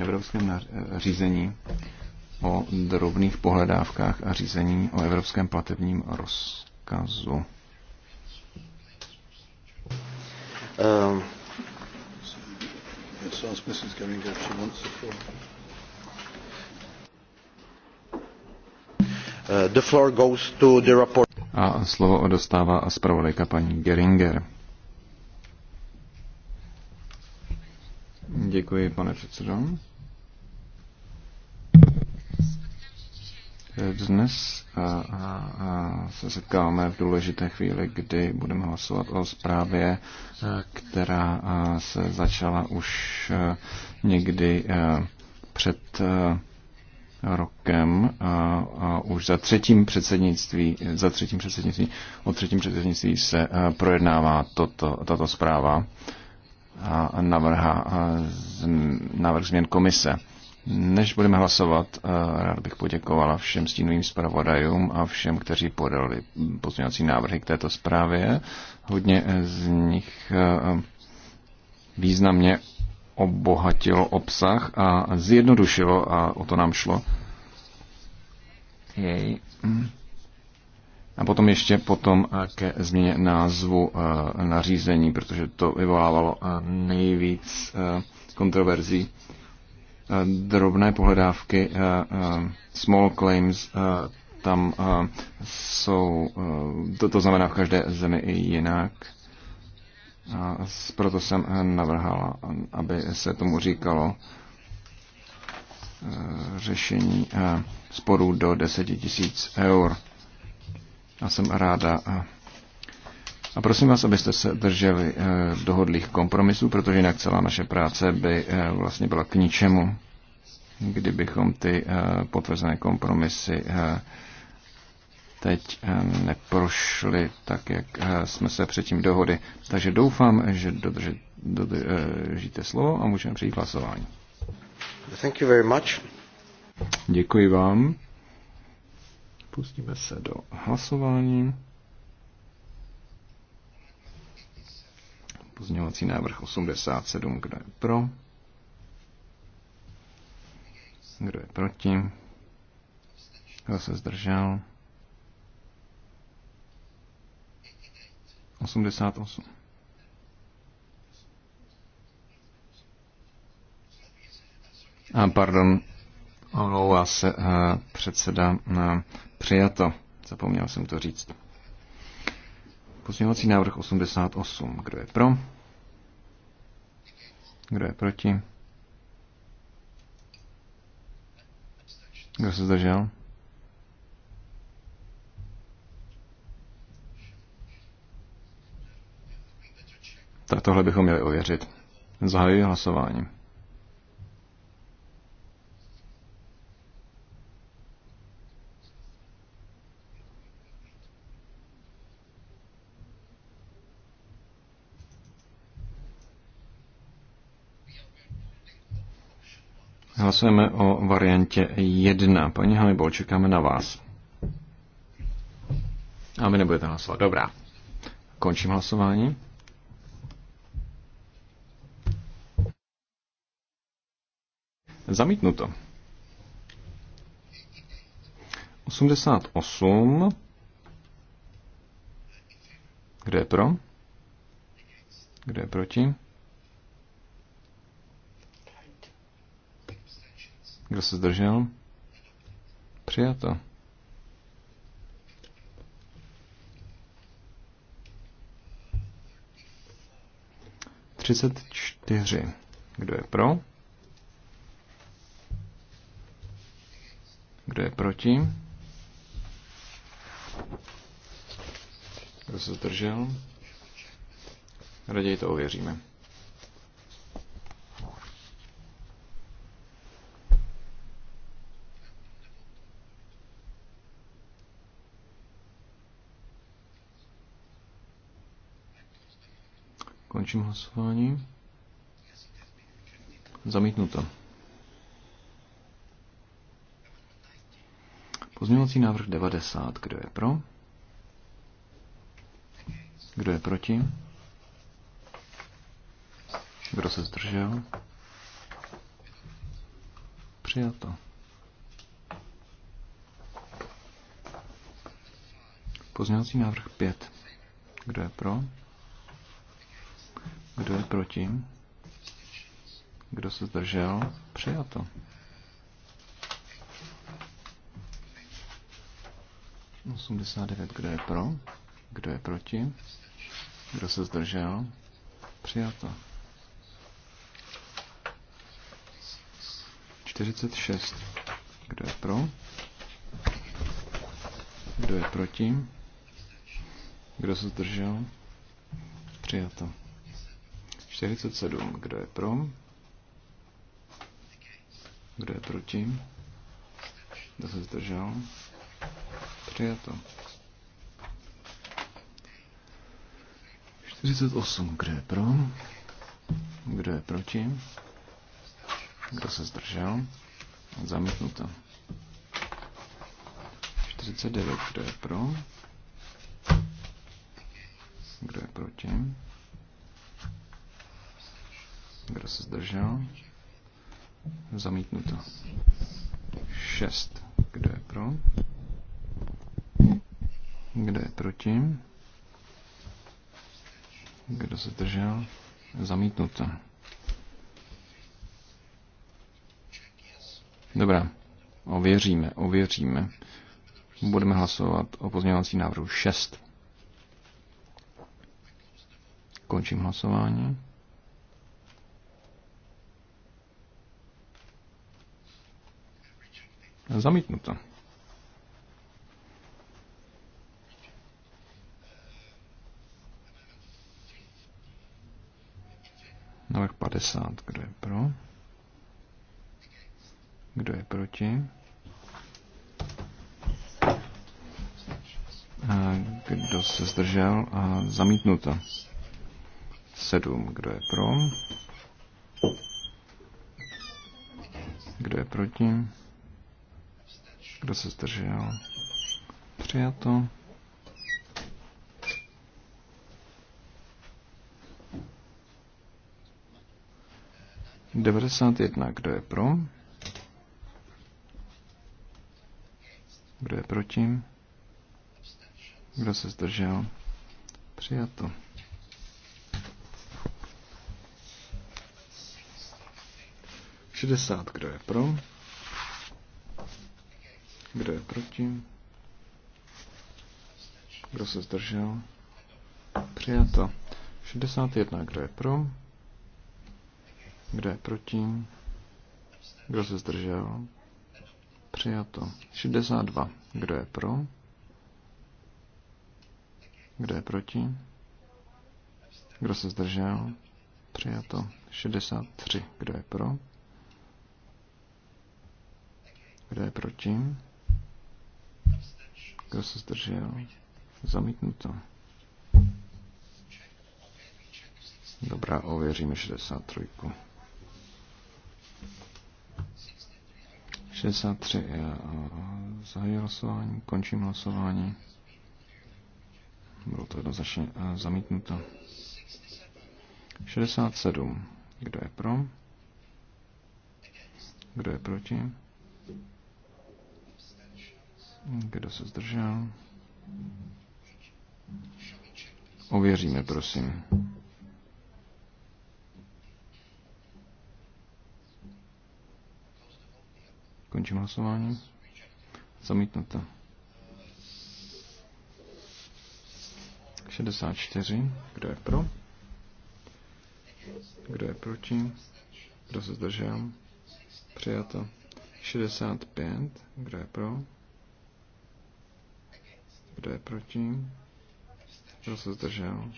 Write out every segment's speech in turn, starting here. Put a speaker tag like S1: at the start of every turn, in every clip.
S1: evropském řízení o drobných pohledávkách a řízení o evropském platebním rozkazu. Um. Uh, the floor goes to the report. A slovo dostává zpravodajka paní Geringer. Děkuji, pane předsedo. Dnes se setkáme v důležité chvíli, kdy budeme hlasovat o zprávě, která se začala už někdy před rokem a, a už za třetím předsednictví, za třetím předsednictví, o třetím předsednictví se projednává toto, tato zpráva a navrha, návrh změn komise. Než budeme hlasovat, eh, rád bych poděkovala všem stínovým zpravodajům a všem, kteří podali pozměňovací návrhy k této zprávě. Hodně eh, z nich eh, významně obohatilo obsah a zjednodušilo, a o to nám šlo, jej. A potom ještě potom ke změně názvu nařízení, protože to vyvolávalo nejvíc kontroverzí drobné pohledávky, eh, eh, small claims, eh, tam jsou, to, to znamená v každé zemi i jinak. A proto jsem navrhala, aby se tomu říkalo řešení sporů do 10 tisíc eur. A jsem ráda, a prosím vás, abyste se drželi eh, dohodlých kompromisů, protože jinak celá naše práce by eh, vlastně byla k ničemu, kdybychom ty eh, potvrzené kompromisy teď neprošly tak, jak jsme se předtím dohody. Takže doufám, že dodržíte slovo a můžeme přijít hlasování.
S2: Thank you very much.
S1: Děkuji vám. Pustíme se do hlasování. Pozměňovací návrh 87, kdo je pro? Kdo je proti? Kdo se zdržel? 88. A pardon, omlouvá se eh, předseda eh, přijato. Zapomněl jsem to říct. Pozměňovací návrh 88. Kdo je pro? Kdo je proti? Kdo se zdržel? Tak tohle bychom měli ověřit. Zahajuji hlasování. Hlasujeme o variantě 1. Paní Halibol, čekáme na vás. A vy nebudete hlasovat. Dobrá. Končím hlasování. Zamítnuto. 88. Kdo je pro? Kdo je proti? Kdo se zdržel? Přijato. Třicet čtyři. Kdo je pro? Kdo je proti? Kdo se zdržel? Raději to ověříme. Končím hlasování. Zamítnuto. Pozměňovací návrh 90. Kdo je pro? Kdo je proti? Kdo se zdržel? Přijato. Pozměňovací návrh 5. Kdo je pro? Kdo je proti? Kdo se zdržel? Přijato. Osmdesát devět. Kdo je pro? Kdo je proti? Kdo se zdržel? Přijato. 46. Kdo je pro? Kdo je proti? Kdo se zdržel? Přijato. 47. Kdo je pro? Kdo je proti? Kdo se zdržel? Přijato. 48. Kdo je pro? Kdo je proti? Kdo se zdržel? Zamítnuto. 49. Kdo je pro? Kdo je proti? Kdo se zdržel? Zamítnuto. 6. Kdo je pro? Kdo je proti? Kdo se zdržel? Zamítnuto. Dobrá. Ověříme, ověříme. Budeme hlasovat o pozměňovací návrhu 6. Končím hlasování. zamítnuta. Návrh 50. Kdo je pro? Kdo je proti? Kdo se zdržel? A zamítnuto. 7. Kdo je pro? Kdo je proti? Kdo se zdržel? Přijato. Devadesát jedna. Kdo je pro? Kdo je proti? Kdo se zdržel? Přijato. 60. Kdo je pro? Kdo je proti? Kdo se zdržel? Přijato. 61. Kdo je pro? Kdo je proti? Kdo se zdržel? Přijato. 62. Kdo je pro? Kdo je proti? Kdo se zdržel? Přijato. 63. Kdo je pro? Kdo je proti? Kdo se zdržel? Zamítnuto. Dobrá, ověříme 63. 63. Zahají hlasování, končím hlasování. Bylo to jednoznačně eh, zamítnuto. 67. Kdo je pro? Kdo je proti? Kdo se zdržel? Ověříme, prosím. Končím hlasování. Zamítnuto. 64. Kdo je pro? Kdo je proti? Kdo se zdržel? Přijato. 65. Kdo je pro? Kdo je proti? Kdo se zdržel?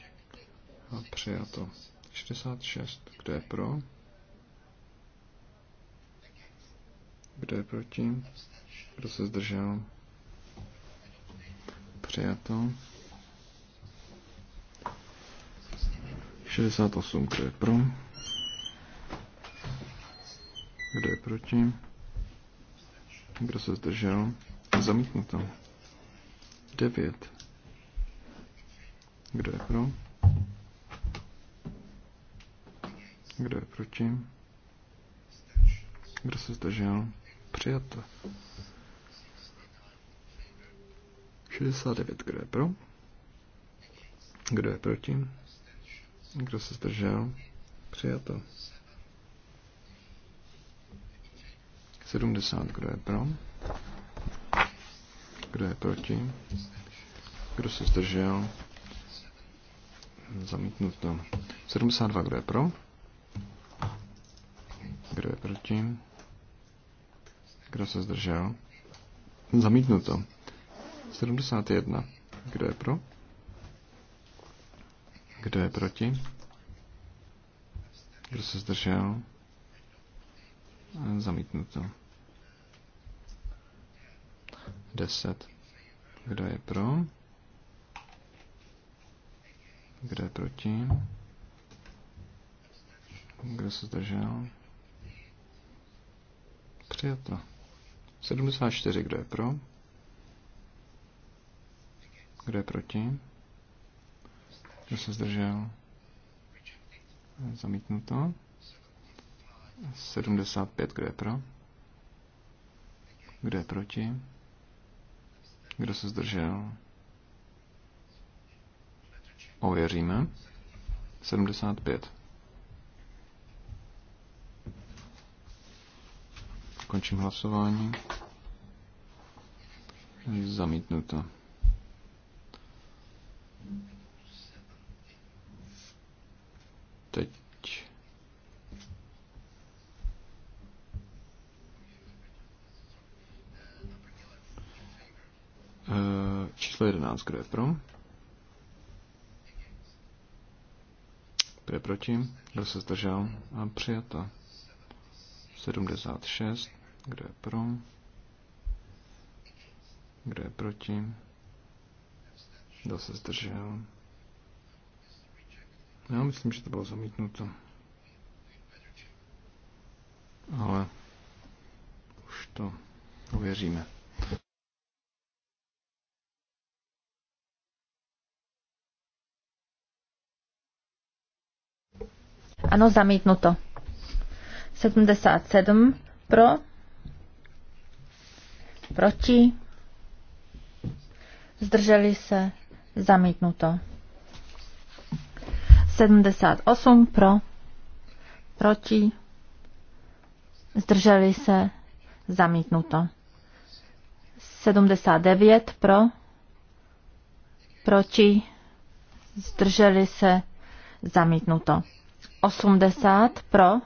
S1: A přijato. 66. Kdo je pro? Kdo je proti? Kdo se zdržel? Přijato. 68. Kdo je pro? Kdo je proti? Kdo se zdržel? Zamítnuto. 9. Kdo je pro? Kdo je proti? Kdo se zdržel? Přijato. 69. Kdo je pro? Kdo je proti? Kdo se zdržel? Přijato. 70. Kdo je pro? Kdo je proti? Kdo se zdržel? Zamítnuto. 72. Kdo je pro? Kdo je proti? Kdo se zdržel? Zamítnuto. 71. Kdo je pro? Kdo je proti? Kdo se zdržel? Zamítnuto. 10. Kdo je pro? Kdo je proti? Kdo se zdržel? Přijato. 74. Kdo je pro? Kdo je proti? Kdo se zdržel? Zamítnuto. 75. Kdo je pro? Kdo je proti? Kdo se zdržel? Ověříme. 75. Končím hlasování. Zamítnuto. Teď Eh, číslo 11, kdo je pro? Kdo je proti? Kdo se zdržel? A přijata. 76, kdo je pro? Kdo je proti? Kdo se zdržel? Já myslím, že to bylo zamítnuto. Ale už to uvěříme.
S2: Ano, zamítnuto. 77 pro, proti, zdrželi se, zamítnuto. 78 pro, proti, zdrželi se, zamítnuto. 79 pro, proti, zdrželi se, zamítnuto. 80 pro,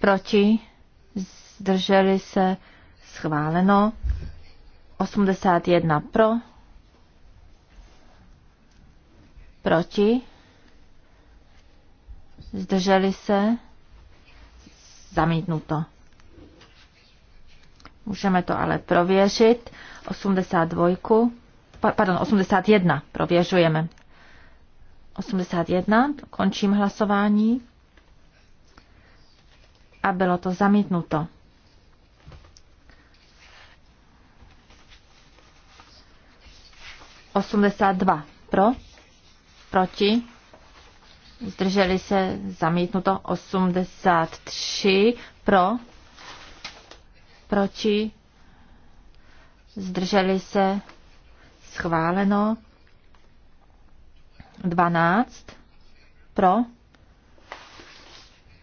S2: proti, zdrželi se, schváleno, 81 pro, proti, zdrželi se, zamítnuto. Můžeme to ale prověřit. 82, pardon, 81 prověřujeme. 81. Končím hlasování. A bylo to zamítnuto. Osmdesát dva. Pro? Proti? Zdrželi se zamítnuto 83 pro, proti, zdrželi se schváleno 12 pro,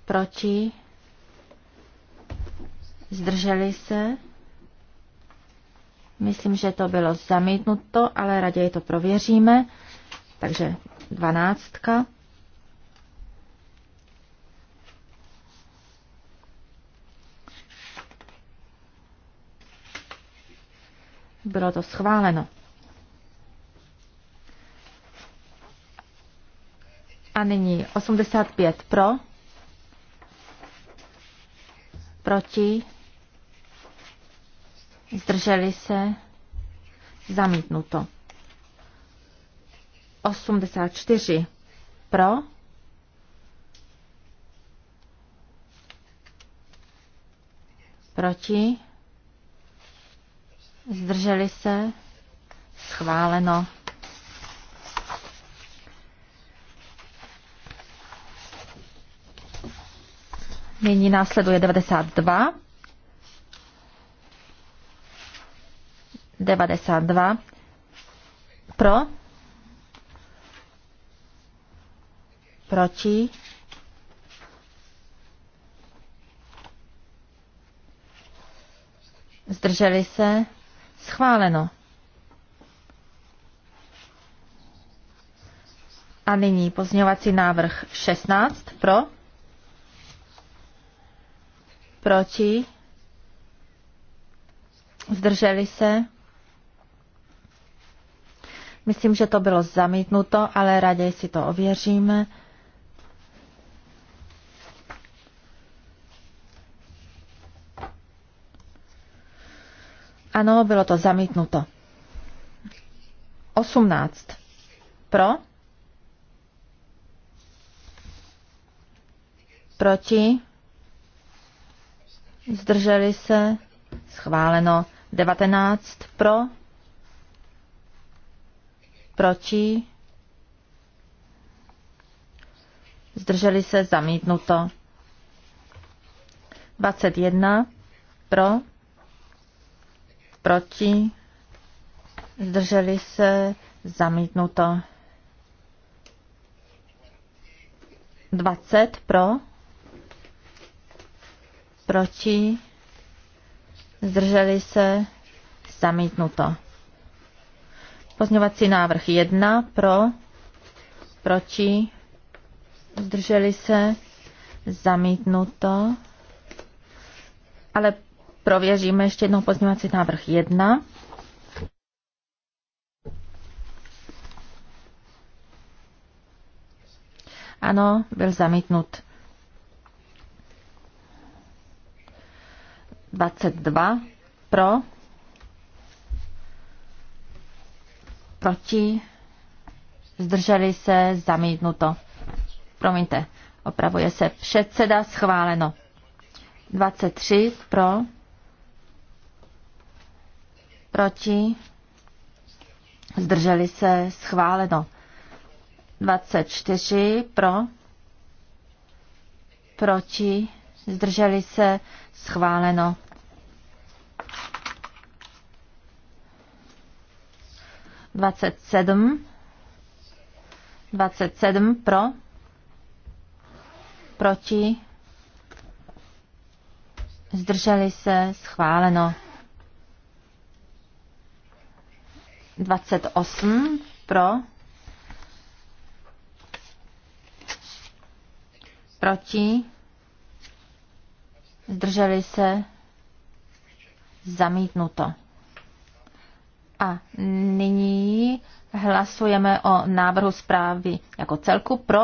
S2: proti, zdrželi se. Myslím, že to bylo zamítnuto, ale raději to prověříme. Takže 12. Bylo to schváleno. A nyní 85 pro, proti, zdrželi se, zamítnuto. 84 pro, proti, zdrželi se, schváleno. Nyní následuje 92. 92. Pro? Proti? Zdrželi se? Schváleno. A nyní pozměňovací návrh 16 pro proti, zdrželi se. Myslím, že to bylo zamítnuto, ale raději si to ověříme. Ano, bylo to zamítnuto. 18. Pro? Proti? zdrželi se, schváleno 19 pro, proti, zdrželi se, zamítnuto 21 pro, proti, zdrželi se, zamítnuto 20 pro, proti, zdrželi se, zamítnuto. Pozměňovací návrh 1 pro, proti, zdrželi se, zamítnuto. Ale prověříme ještě jednou pozměňovací návrh 1. Ano, byl zamítnut. 22 pro, proti, zdrželi se, zamítnuto. Promiňte, opravuje se předseda, schváleno. 23 pro, proti, zdrželi se, schváleno. 24 pro, proti, zdrželi se, schváleno. Dvacet sedm, dvacet sedm pro, proti, zdrželi se, schváleno. 28 pro, proti, zdrželi se, zamítnuto. A nyní hlasujeme o návrhu zprávy jako celku pro,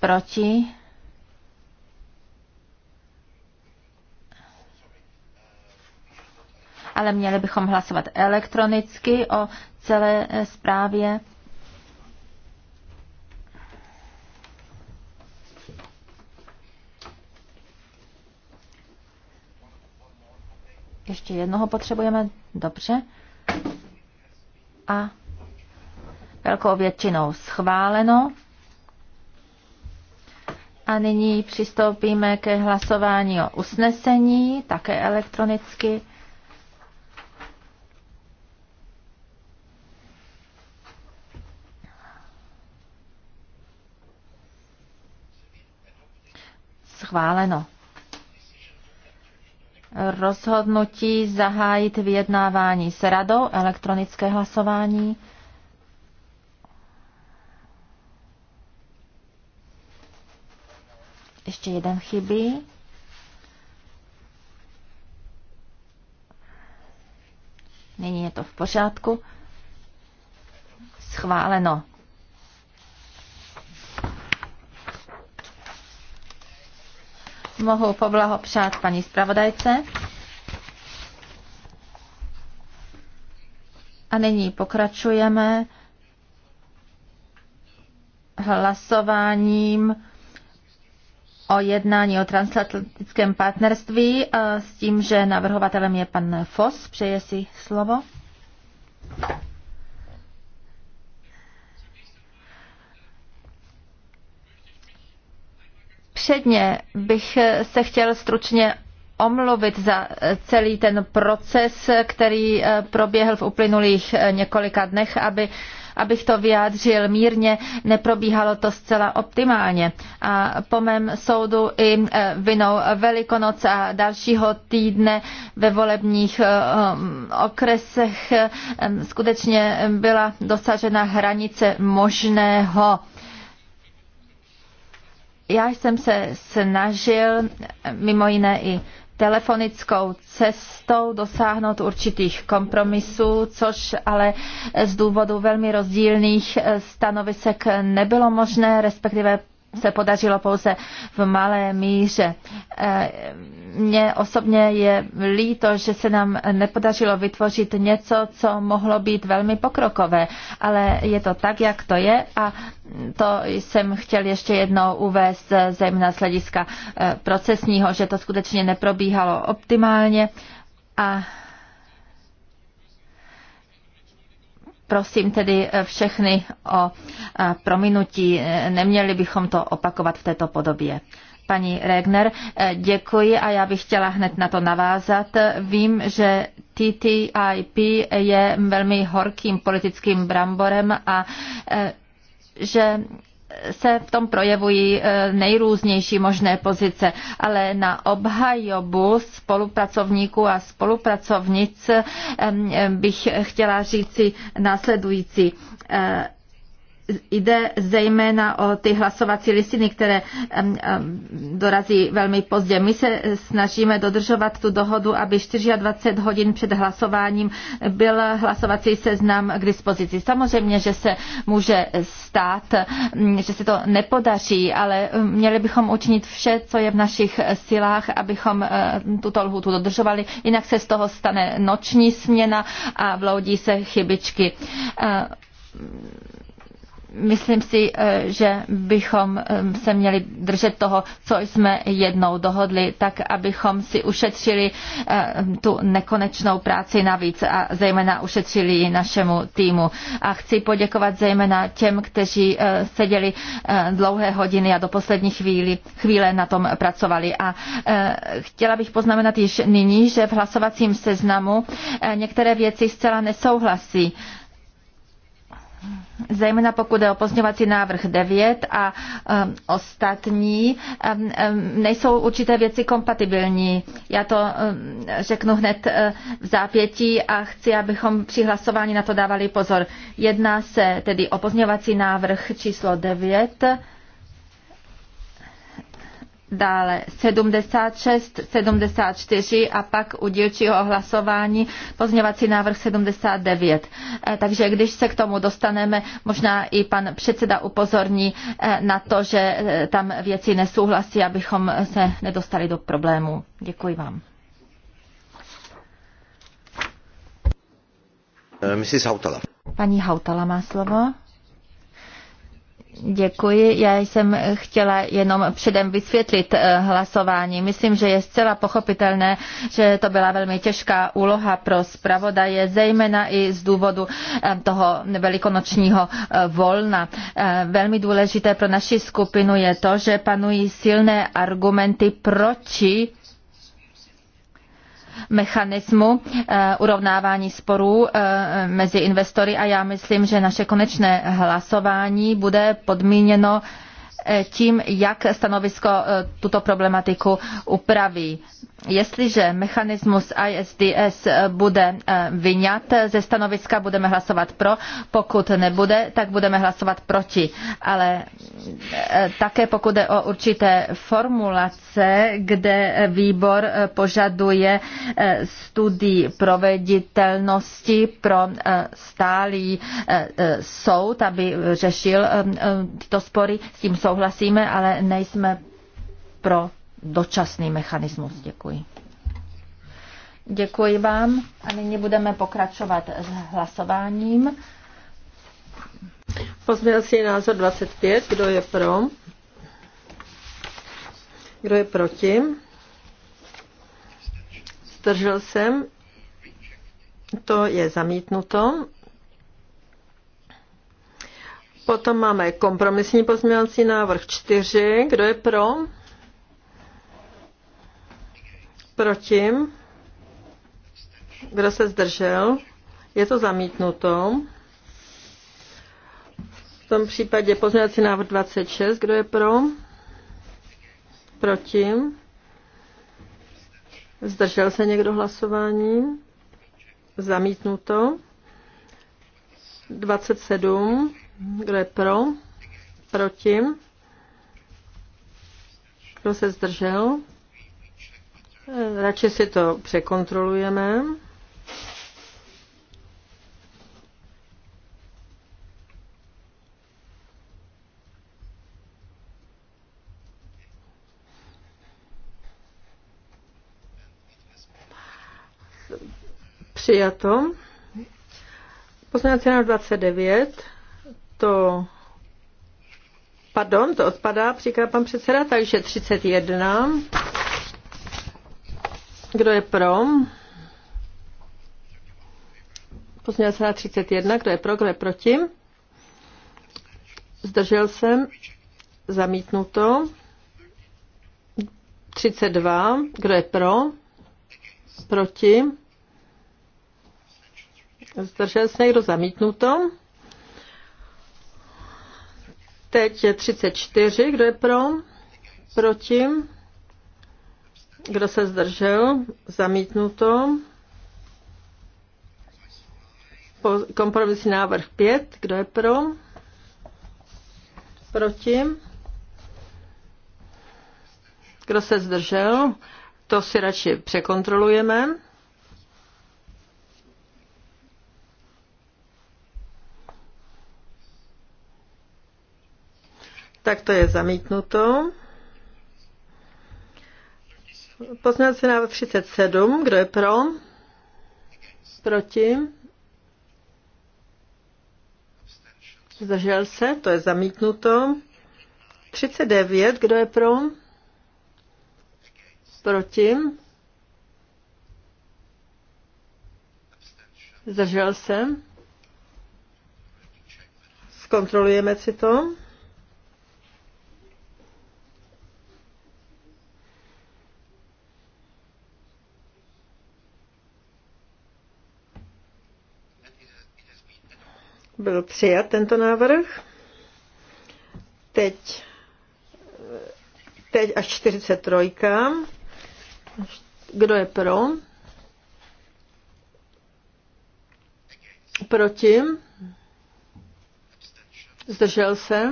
S2: proti, ale měli bychom hlasovat elektronicky o celé zprávě Ještě jednoho potřebujeme. Dobře. A velkou většinou schváleno. A nyní přistoupíme ke hlasování o usnesení, také elektronicky. Schváleno rozhodnutí zahájit vyjednávání s radou, elektronické hlasování. Ještě jeden chybí. Nyní je to v pořádku. Schváleno. mohu poblahopřát paní zpravodajce. A nyní pokračujeme hlasováním o jednání o transatlantickém partnerství s tím, že navrhovatelem je pan Fos. Přeje si slovo. Předně bych se chtěl stručně omluvit za celý ten proces, který eh, proběhl v uplynulých eh, několika dnech, aby abych to vyjádřil mírně, neprobíhalo to zcela optimálně. A po mém soudu i eh, vinou Velikonoc a dalšího týdne ve volebních okresech skutečně byla dosažena hranice možného já jsem se snažil mimo jiné i telefonickou cestou dosáhnout určitých kompromisů, což ale z důvodu velmi rozdílných stanovisek nebylo možné, respektive se podařilo pouze v malé míře. Eh, mně osobně je líto, že se nám nepodařilo vytvořit něco, co mohlo být velmi pokrokové, ale je to tak, jak to je a to jsem chtěl ještě jednou uvést eh, zejména z hlediska eh, procesního, že to skutečně neprobíhalo optimálně a Prosím tedy eh, všechny o eh, prominutí, eh, neměli bychom to opakovat v této podobě. Paní Regner, děkuji a já bych chtěla hned na to navázat. Vím, že TTIP je velmi horkým politickým bramborem a že se v tom projevují eh, nejrůznější možné pozice, ale na obhajobu spolupracovníků a spolupracovnic eh, eh, bych chtěla říci následující Jde zejména o ty hlasovací listiny, které dorazí velmi pozdě. My se snažíme dodržovat tu dohodu, aby 24 hodin před hlasováním byl hlasovací seznam k dispozici. Samozřejmě, že se může stát, že se to nepodaří, ale měli bychom učinit vše, co je v našich silách, abychom tuto lhutu dodržovali. Jinak se z toho stane noční směna a vloudí se chybičky Myslím si, eh, že bychom eh, se měli držet toho, co jsme jednou dohodli, tak abychom si ušetřili eh, tu nekonečnou práci navíc a zejména ušetřili ji našemu týmu. A chci poděkovat zejména těm, kteří seděli dlouhé hodiny a do poslední chvíli, chvíle na tom pracovali. A chtěla bych poznamenat již nyní, že v hlasovacím seznamu některé věci zcela nesouhlasí zejména pokud je o pozměňovací návrh 9 a um, ostatní, um, um, nejsou určité věci kompatibilní. Já to um, řeknu hned uh, v zápětí a chci, abychom při hlasování na to dávali pozor. Jedná se tedy o pozměňovací návrh číslo 9 dále 76, 74 a pak u dílčího hlasování pozněvací návrh 79. Eh, takže když se k tomu dostaneme, možná i pan předseda upozorní eh, na to, že eh, tam věci nesouhlasí, abychom se nedostali do problému. Děkuji vám. Paní Hautala má slovo. Děkuji. Já jsem chtěla jenom předem vysvětlit eh, hlasování. Myslím, že je zcela pochopitelné, že to byla velmi těžká úloha pro zpravodaje, zejména i z důvodu eh, toho velikonočního eh, volna. Velmi důležité pro naši skupinu je to, že panují silné argumenty proti mechanismu eh, urovnávání sporů eh, mezi investory a já myslím, že naše konečné hlasování bude podmíněno Eh, tím, jak stanovisko eh, tuto problematiku upraví. Jestliže mechanismus ISDS eh, bude vyňat ze stanoviska, budeme hlasovat pro, pokud nebude, tak budeme hlasovat proti. Ale také pokud jde o určité formulace, kde výbor požaduje studii proveditelnosti pro stálý soud, aby řešil tyto spory, s tím souhlasíme, ale nejsme pro dočasný mechanismus. Děkuji. Děkuji vám a nyní budeme pokračovat s hlasováním.
S3: si názor 25. Kdo je pro? Kdo je proti? Zdržel jsem. To je zamítnuto. Potom máme kompromisní pozměňovací návrh 4. Kdo je pro? Proti? Kdo se zdržel? Je to zamítnuto. V tom případě pozměňovací návrh 26. Kdo je pro? Proti? Zdržel se někdo hlasování? Zamítnuto. 27. Kdo je pro? Proti? Kdo se zdržel? Radši si to překontrolujeme. Přijato. na 29 to Pardon, to odpadá, říká pan předseda, takže 31. Kdo je pro? Pozměnil se na 31. Kdo je pro, kdo je proti? Zdržel jsem. Zamítnuto. 32. Kdo je pro? Proti? Zdržel se někdo zamítnuto? Teď je 34, kdo je pro? Proti? Kdo se zdržel? Zamítnuto. Kompromisní návrh 5, kdo je pro? Proti? Kdo se zdržel? To si radši překontrolujeme. tak to je zamítnuto. se návrh 37, kdo je pro? Proti? Zdržel se, to je zamítnuto. 39, kdo je pro? Proti? Zdržel se. Zkontrolujeme si to. Byl přijat tento návrh. Teď, teď až 43. Kdo je pro? Proti? Zdržel se?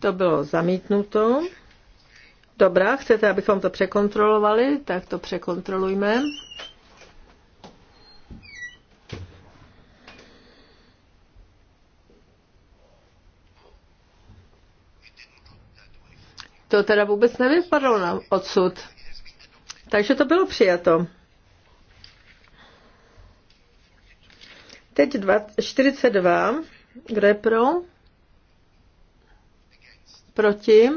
S3: To bylo zamítnuto. Dobrá, chcete, abychom to překontrolovali, tak to překontrolujme. to teda vůbec nevypadlo na odsud. Takže to bylo přijato. Teď 42. Grepro pro? Proti?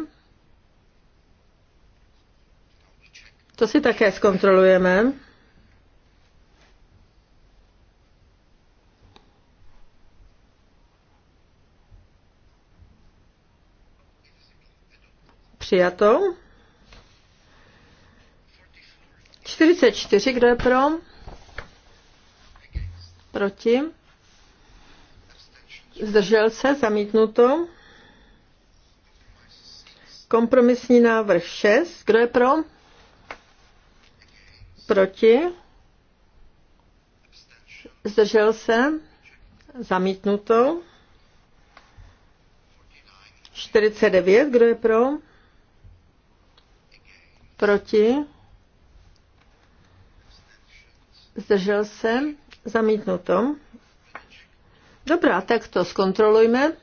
S3: To si také zkontrolujeme. Přijato. 44, kdo je pro? Proti. Zdržel se, zamítnuto. Kompromisní návrh 6, kdo je pro? Proti. Zdržel se, zamítnuto. 49, kdo je pro? proti, zdržel se, zamítnuto. Dobrá, tak to zkontrolujme.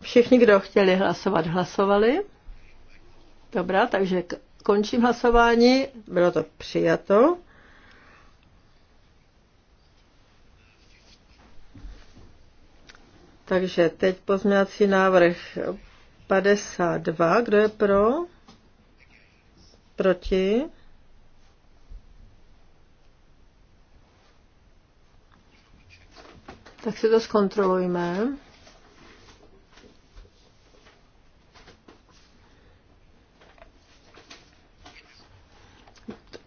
S3: Všichni, kdo chtěli hlasovat, hlasovali. Dobrá, takže Končím hlasování. Bylo to přijato. Takže teď pozměňovací návrh 52. Kdo je pro? Proti? Tak si to zkontrolujme.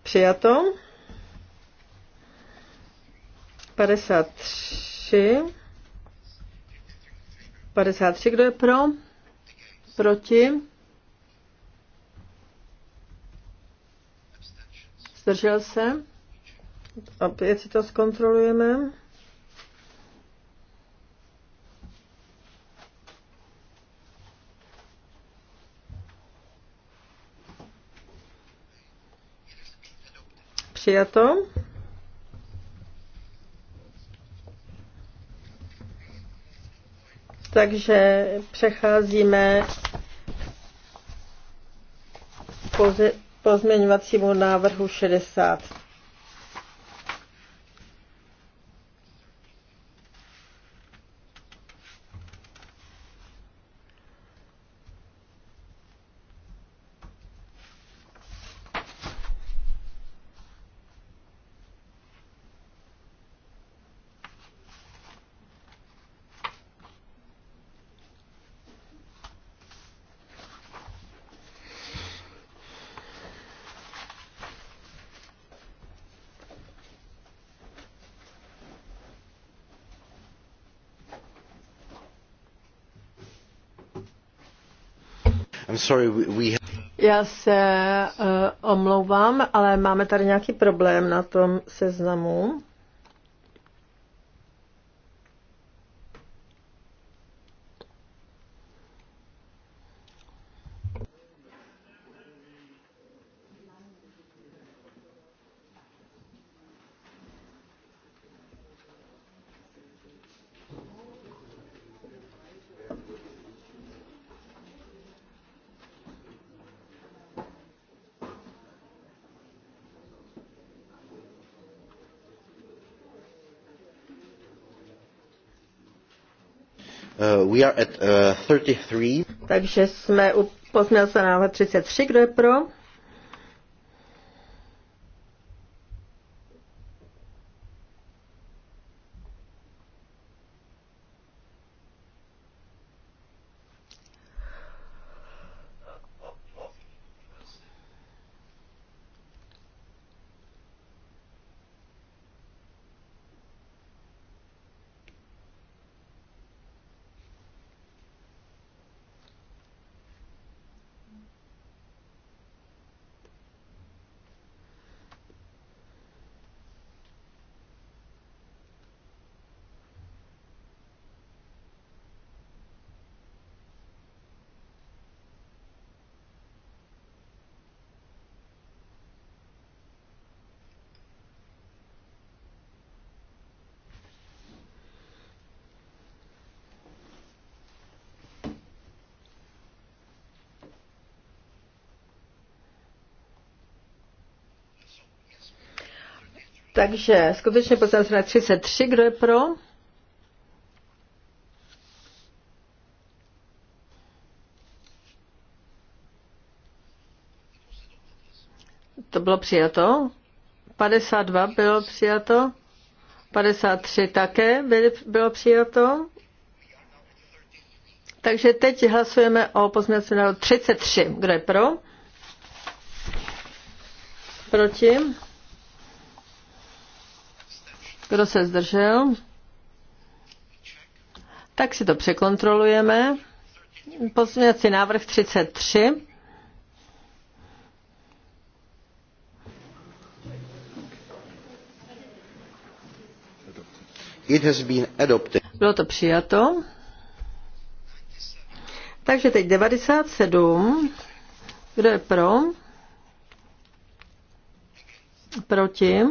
S3: Přijato. 53. 53, kdo je pro? Proti? Zdržel se? Opět si to zkontrolujeme. Přijato. Takže přecházíme k pozměňovacímu návrhu 63. Já se uh, omlouvám, ale máme tady nějaký problém na tom seznamu. we are at, uh, 33. Takže jsme u pozměnil se návrh 33, kdo je pro? Takže skutečně poznáte na 33, kdo je pro? To bylo přijato. 52 bylo přijato. 53 také bylo přijato. Takže teď hlasujeme o pozměnce na 33. Kdo je pro? Proti? Kdo se zdržel? Tak si to překontrolujeme. Pozměňovací návrh 33. It has been adopted. Bylo to přijato. Takže teď 97. Kdo je pro? Proti?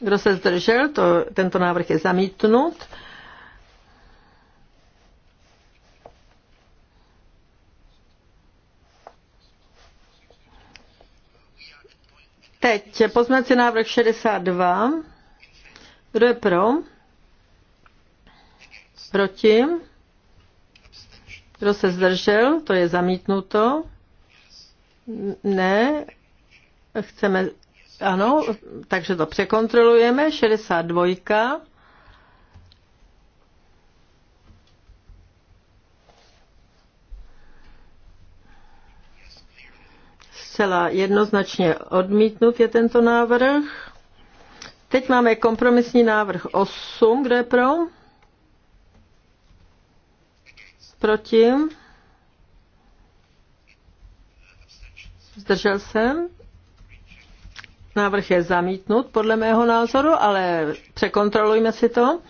S3: Kdo se zdržel, to, tento návrh je zamítnut. Teď poznací návrh 62. Kdo je pro? Proti? Kdo se zdržel? To je zamítnuto. Ne. Chceme ano, takže to překontrolujeme. 62. Zcela jednoznačně odmítnut je tento návrh. Teď máme kompromisní návrh 8. Kdo je pro? Proti? Zdržel jsem? Návrh je zamítnut podle mého názoru, ale překontrolujme si to.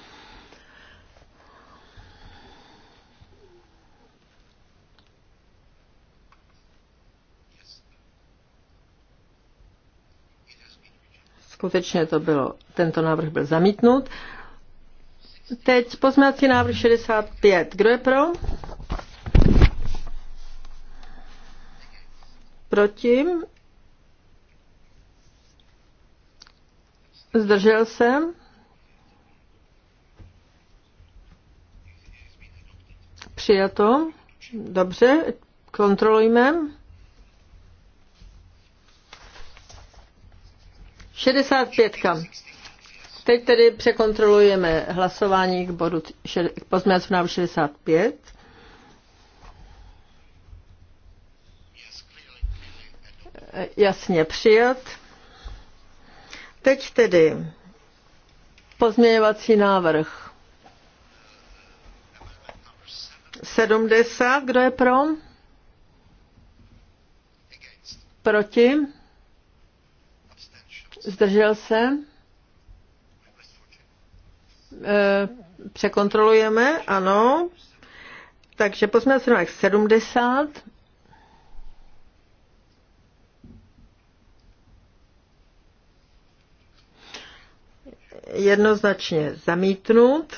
S3: Skutečně to bylo, tento návrh byl zamítnut. Teď pozměňovací návrh 65. Kdo je pro? Proti? Zdržel se? Přijato. Dobře, kontrolujme. 65. Teď tedy překontrolujeme hlasování k, bodu, k pozměňovacímu návrhu 65. Jasně přijat. Teď tedy pozměňovací návrh. 70, kdo je pro? Proti? Zdržel se? E, Překontrolujeme, ano. Takže pozměňovací návrh 70. jednoznačně zamítnut.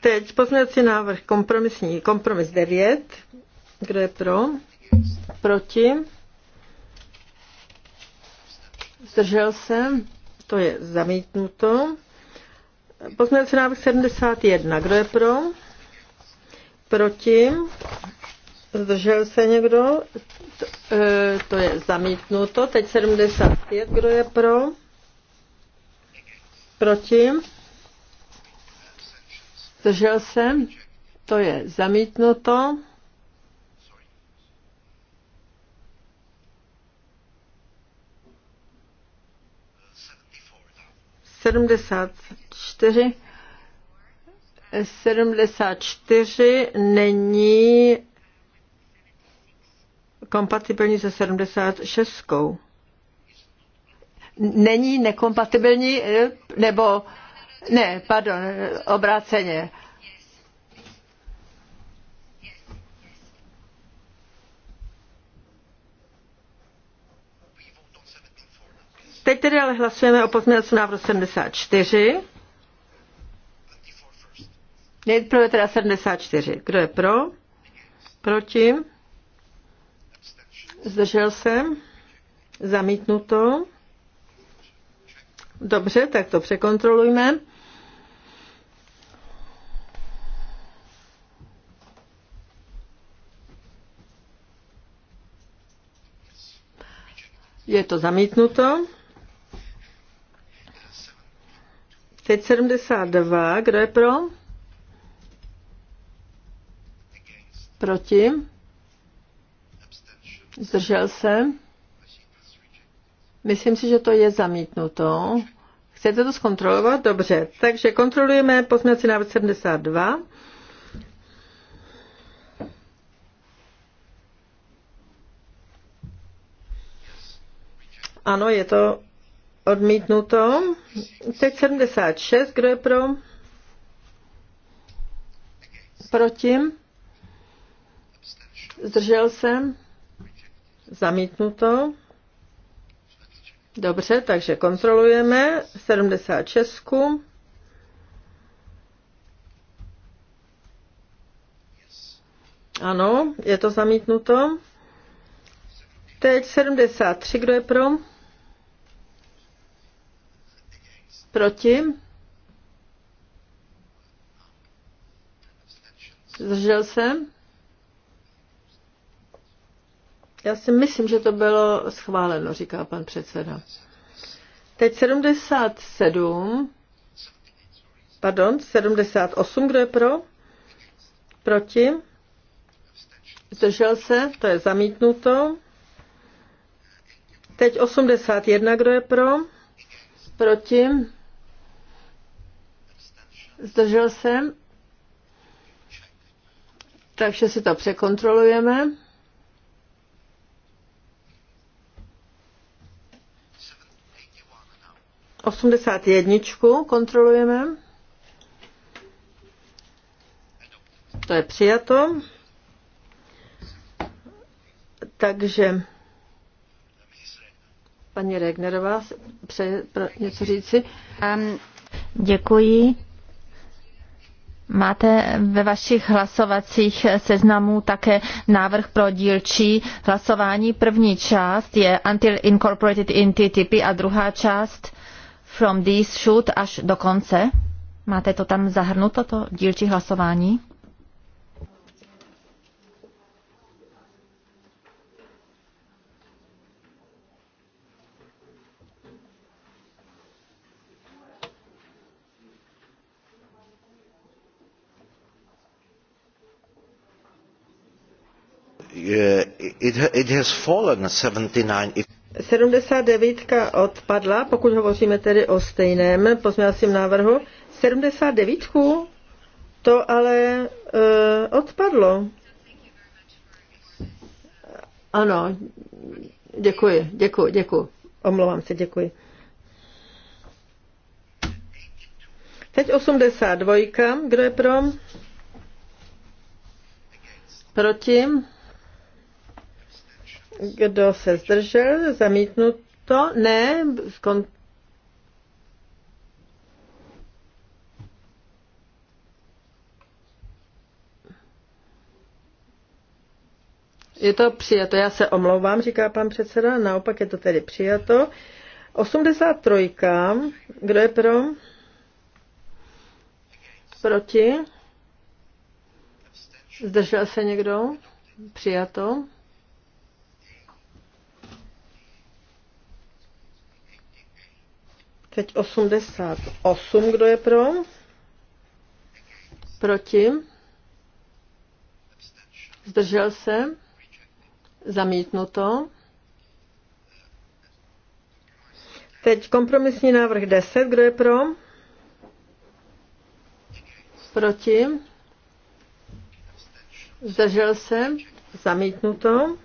S3: Teď pozměňovací návrh kompromisní, kompromis 9. Kdo je pro? Proti? Zdržel se? To je zamítnuto. Pozměňovací návrh 71. Kdo je pro? Proti? Zdržel se někdo? E, to je zamítnuto. Teď 75. Kdo je pro? Proti? Zdržel se? To je zamítnuto. Sedmdesát čtyři. 74 není kompatibilní se 76 není nekompatibilní, eh, nebo ne, pardon, eh, obráceně. Teď tedy ale hlasujeme o pozměňovacím návrhu 74. Nejprve teda 74. Kdo je pro? Proti? Zdržel se? Zamítnuto? Dobře, tak to překontrolujme. Je to zamítnuto. Teď 72. Kdo je pro? Proti? Zdržel se? Myslím si, že to je zamítnuto. Chcete to zkontrolovat? Dobře. Takže kontrolujeme pozměnací návrh 72. Ano, je to odmítnuto. Teď 76. Kdo je pro? Proti? Zdržel jsem? Zamítnuto. Dobře, takže kontrolujeme 76. Ano, je to zamítnuto. Teď 73, kdo je pro? Proti? Zdržel jsem? Já si myslím, že to bylo schváleno, říká pan předseda. Teď 77, pardon, 78, kdo je pro? Proti? Zdržel se, to je zamítnuto. Teď 81, kdo je pro? Proti? Zdržel se. Takže si to překontrolujeme. 81 kontrolujeme. To je přijato. Takže paní Regnerová
S2: přeje něco říci. Um, děkuji. Máte ve vašich hlasovacích seznamů také návrh pro dílčí hlasování. První část je Until Incorporated in TTP a druhá část from this shoot až do konce? Máte to tam zahrnuto, to dílčí hlasování? it it has fallen 79. It
S3: 79 odpadla, pokud hovoříme tedy o stejném pozměňovacím návrhu. 79 to ale uh, odpadlo. Ano, děkuji, děkuji, děkuji. Omlouvám se, děkuji. Teď 82. Kdo je pro? Proti? Kdo se zdržel? Zamítnuto? Ne. Skon... Je to přijato, já se omlouvám, říká pan předseda, naopak je to tedy přijato. 83. Kdo je pro? Proti? Zdržel se někdo? Přijato. Teď 88, kdo je pro? Proti? Zdržel se? Zamítnuto. Teď kompromisní návrh 10, kdo je pro? Proti? Zdržel se? Zamítnuto.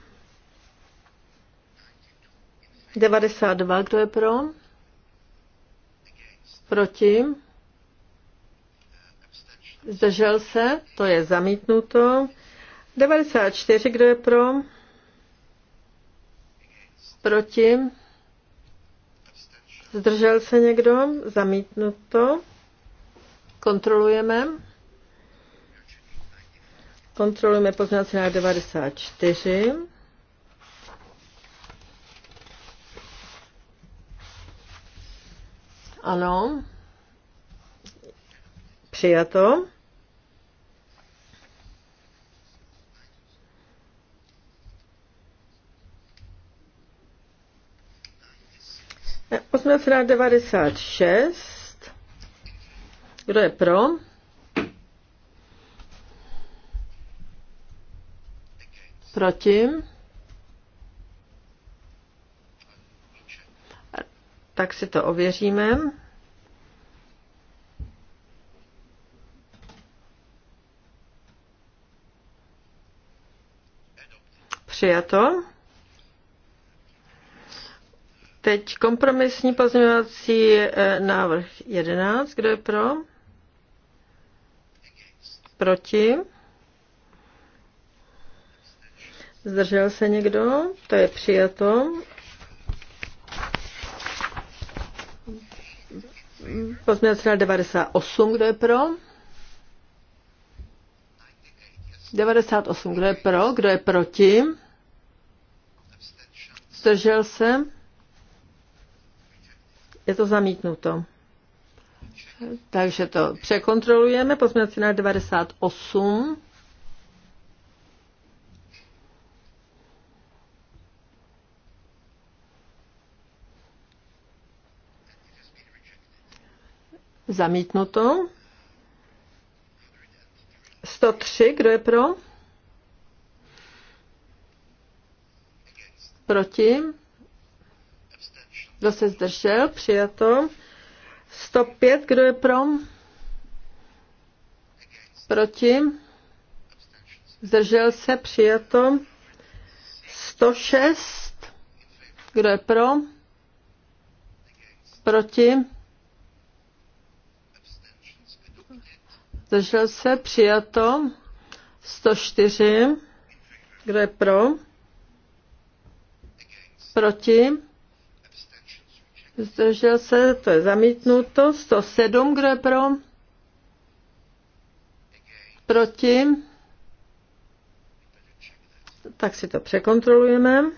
S3: 92, kdo je pro? Proti? Zdržel se? To je zamítnuto. 94, kdo je pro? Proti? Zdržel se někdo? Zamítnuto. Kontrolujeme. Kontrolujeme pozměňovací na 94. Ano. Přijato. Osmé 96. Kdo je pro? Proti? tak si to ověříme. Přijato. Teď kompromisní pozměňovací eh, návrh 11. Kdo je pro? Proti? Zdržel se někdo? To je přijato. Pozměňovací návrh 98, kdo je pro? 98, kdo je pro? Kdo je proti? Zdržel se? Je to zamítnuto. Takže to překontrolujeme. Pozměňovací návrh 98. Zamítnuto. 103, kdo je pro? Proti? Kdo se zdržel? Přijato. 105, kdo je pro? Proti? Zdržel se? Přijato. 106, kdo je pro? Proti? Zdržel se? Přijato. 104. Kdo je pro? Proti? Zdržel se? To je zamítnuto. 107. Kdo je pro? Proti? Tak si to překontrolujeme.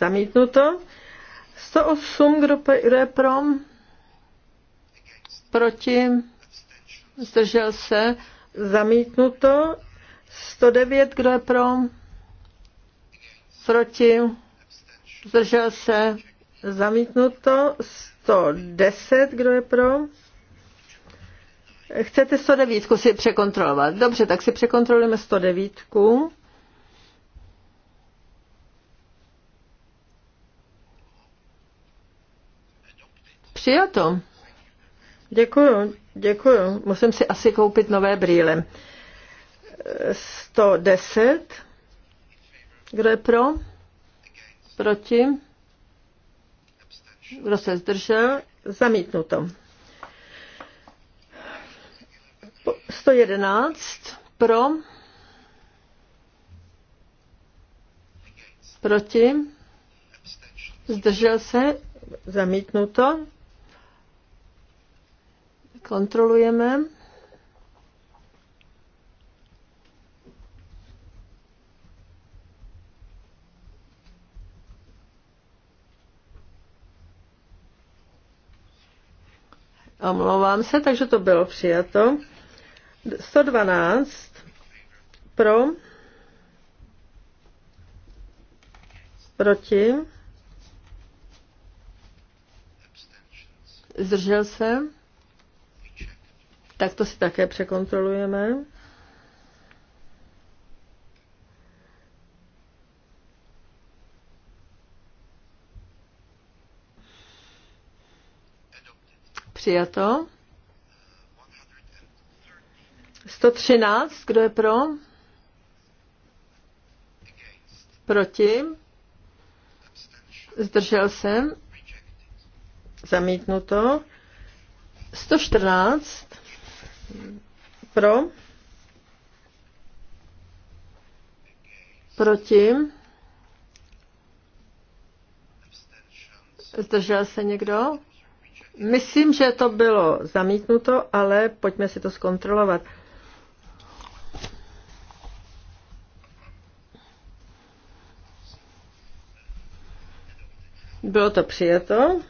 S3: Zamítnuto. 108, kdo, je Proti? Zdržel se? Zamítnuto. 109, kdo je pro? Proti? Zdržel se? Zamítnuto. 110, kdo je pro? Chcete 109 si překontrolovat? Dobře, tak si překontrolujeme 109. Přijato. Děkuju, děkuju. Musím si asi koupit nové brýle. 110. Kdo je pro? Proti? Kdo se zdržel? Zamítnuto. 111 pro, proti, zdržel se, zamítnuto, Kontrolujeme. Omlouvám se, takže to bylo přijato. 112 pro, proti, zdržel se. Tak to si také překontrolujeme. Přijato. 113, kdo je pro? Proti? Zdržel jsem. Zamítnuto. 114. Pro. Proti. Zdržel se někdo? Myslím, že to bylo zamítnuto, ale pojďme si to zkontrolovat. Bylo to přijeto.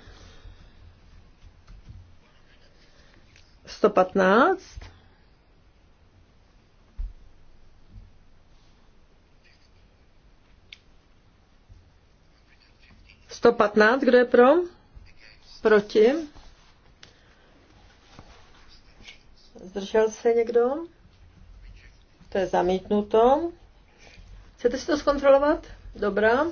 S3: 115. Sto patnáct, kdo je pro? Proti? Zdržel se někdo? To je zamítnuto. Chcete si to zkontrolovat? Dobrá.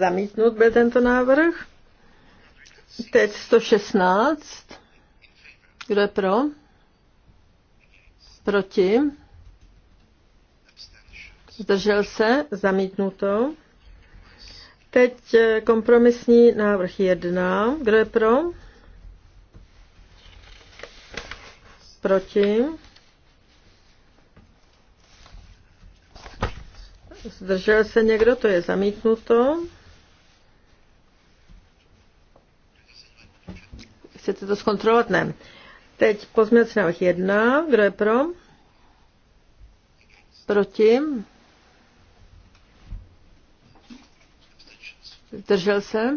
S3: Zamítnut byl tento návrh. Teď 116. Kdo je pro? Proti? Zdržel se? Zamítnuto. Teď eh, kompromisní návrh 1. Kdo je pro? Proti? Zdržel se někdo? To je zamítnuto. Chcete to zkontrolovat? Ne. Teď pozměnací návrh 1. Kdo je pro? Proti? Zdržel se?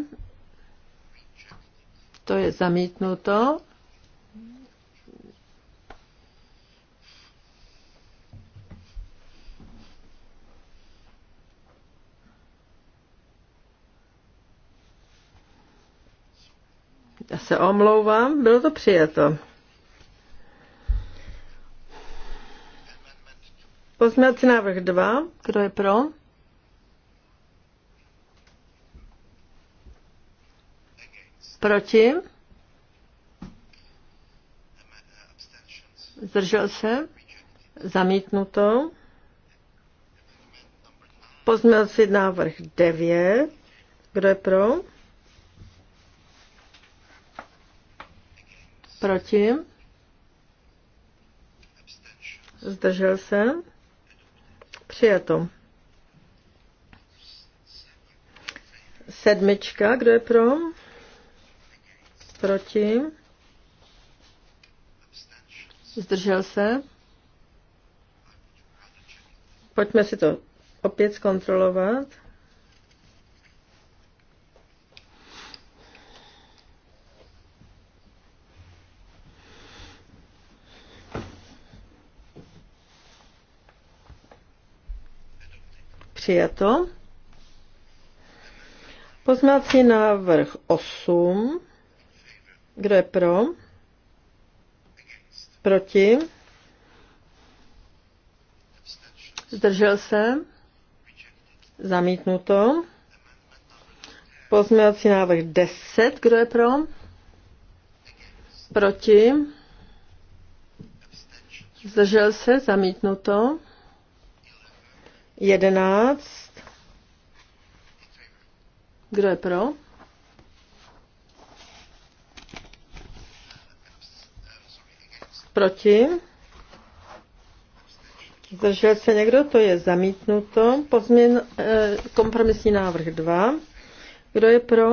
S3: To je zamítnuto. Já se omlouvám, bylo to přijeto. Pozměňovací návrh 2. Kdo je pro? Proti? Zdržel se? Zamítnuto. Pozměňovací návrh 9. Kdo je pro? Proti? Zdržel se? Přijato. Sedmička, kdo je pro? Proti? Zdržel se? Pojďme si to opět zkontrolovat. přijato. Poznávací návrh 8. Kdo je pro? Proti? Zdržel se? Zamítnuto. Pozměňovací návrh 10. Kdo je pro? Proti? Zdržel se? Zamítnuto. 11. Kdo je pro? Proti? Zdržel se někdo? To je zamítnuto. Pozměn, eh, kompromisní návrh 2. Kdo je pro?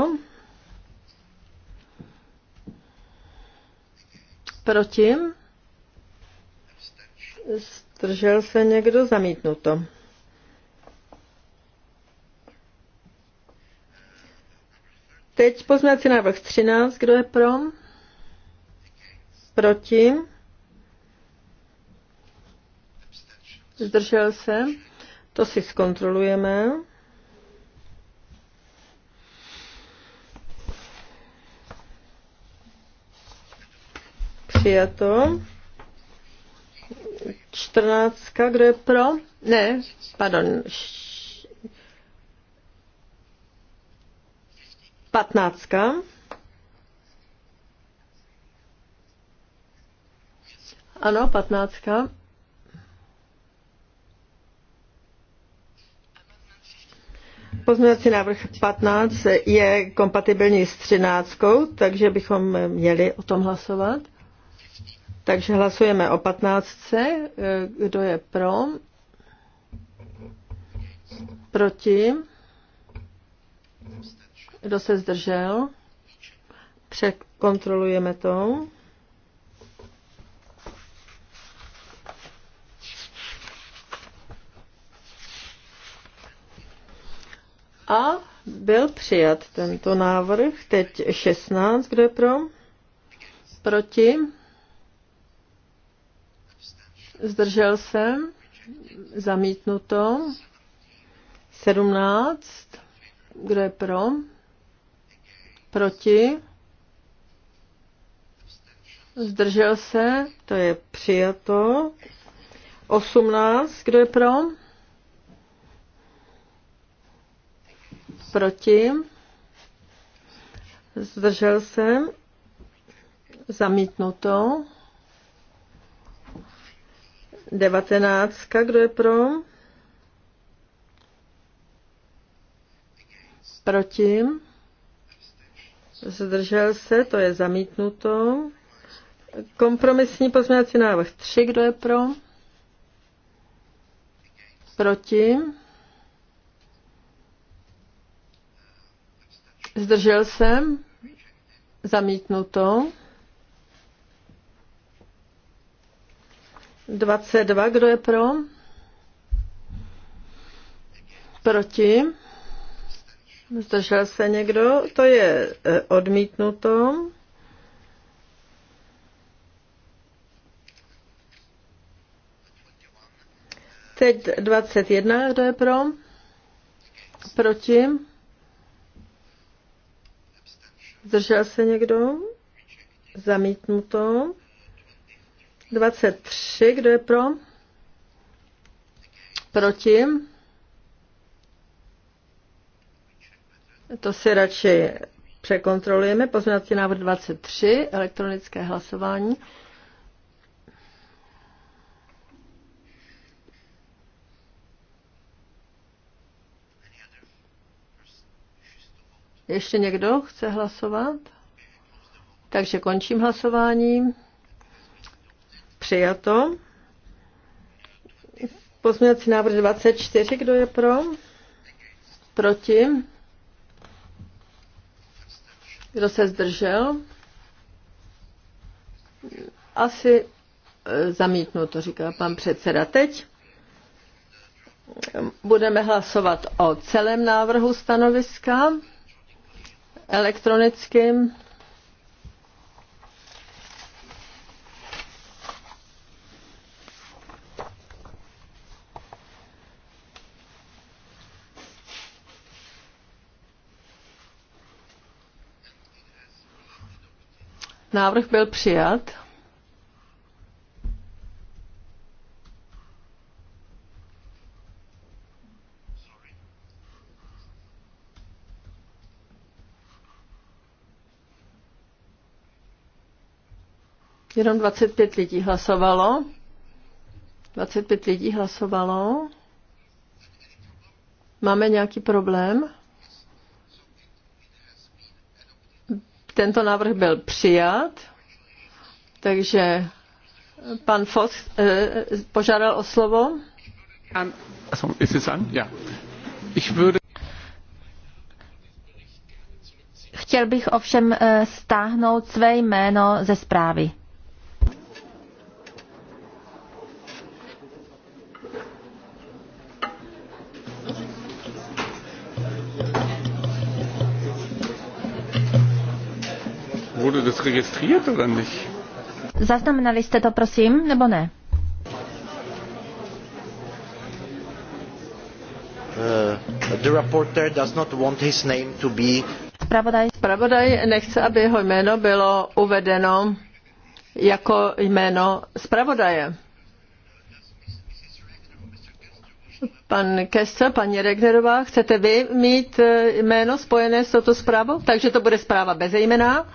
S3: Proti? Zdržel se někdo? Zamítnuto. Teď pozměňovací návrh 13. Kdo je pro? Proti? Zdržel se? To si zkontrolujeme. Přijato. 14. Kdo je pro? Ne, pardon. Patnáctka. Ano, patnáctka. Pozměňovací návrh 15 je kompatibilní s 13, takže bychom měli o tom hlasovat. Takže hlasujeme o 15. Kdo je pro? Proti? Kdo se zdržel? Překontrolujeme to. A byl přijat tento návrh. Teď 16. Kdo je pro? Proti? Zdržel jsem. Zamítnuto. 17. Kdo je pro? proti, zdržel se, to je přijato. 18, kdo je pro? Proti, zdržel se, zamítnuto. 19, kdo je pro? Proti zdržel se, to je zamítnuto. Kompromisní pozměňovací návrh 3, kdo je pro? Proti? Zdržel se? Zamítnuto. 22, kdo je pro? Proti? Zdržel se někdo? To je e, odmítnuto. Teď 21, kdo je pro? Proti? Zdržel se někdo? Zamítnuto. 23, kdo je pro? Proti? To si radši překontrolujeme. Pozměňovací návrh 23, elektronické hlasování. Ještě někdo chce hlasovat? Takže končím hlasování. Přijato. Pozměňovací návrh 24, kdo je pro? Proti? Kdo se zdržel? Asi e, to, říká pan předseda teď. Budeme hlasovat o celém návrhu stanoviska elektronickým. Návrh byl přijat. Jenom 25 lidí hlasovalo. 25 lidí hlasovalo. Máme nějaký problém? Tento návrh byl přijat, takže pan Fox eh, požádal o slovo.
S2: Chtěl bych ovšem eh, stáhnout své jméno ze zprávy.
S1: registriert oder nicht?
S2: Zaznamenali jste to, prosím, nebo ne?
S1: Uh, the reporter does not want his name to be...
S2: Spravodaj. Spravodaj
S3: nechce, aby jeho jméno bylo uvedeno jako jméno zpravodaje. Pan Kester, paní Regnerová, chcete vy mít eh, jméno spojené s touto zprávou? Takže to bude zpráva bez jména.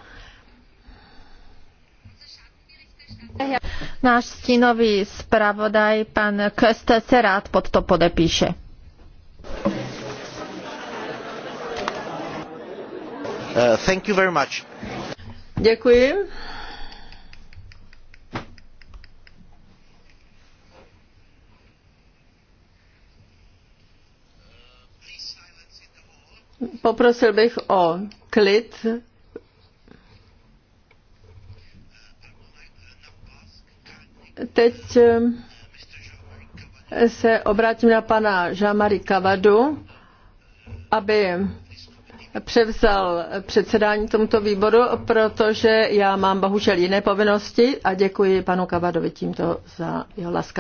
S2: Náš stínový zpravodaj, pan Köster, se rád pod to podepíše. Uh, thank you
S3: very much. Děkuji. Poprosil bych o klid Teď eh, se obrátím na pana Jean-Marie Cavadu, aby převzal předsedání tomuto výboru, protože já mám bohužel jiné povinnosti a děkuji panu Kavadovi tímto za jeho laskavost.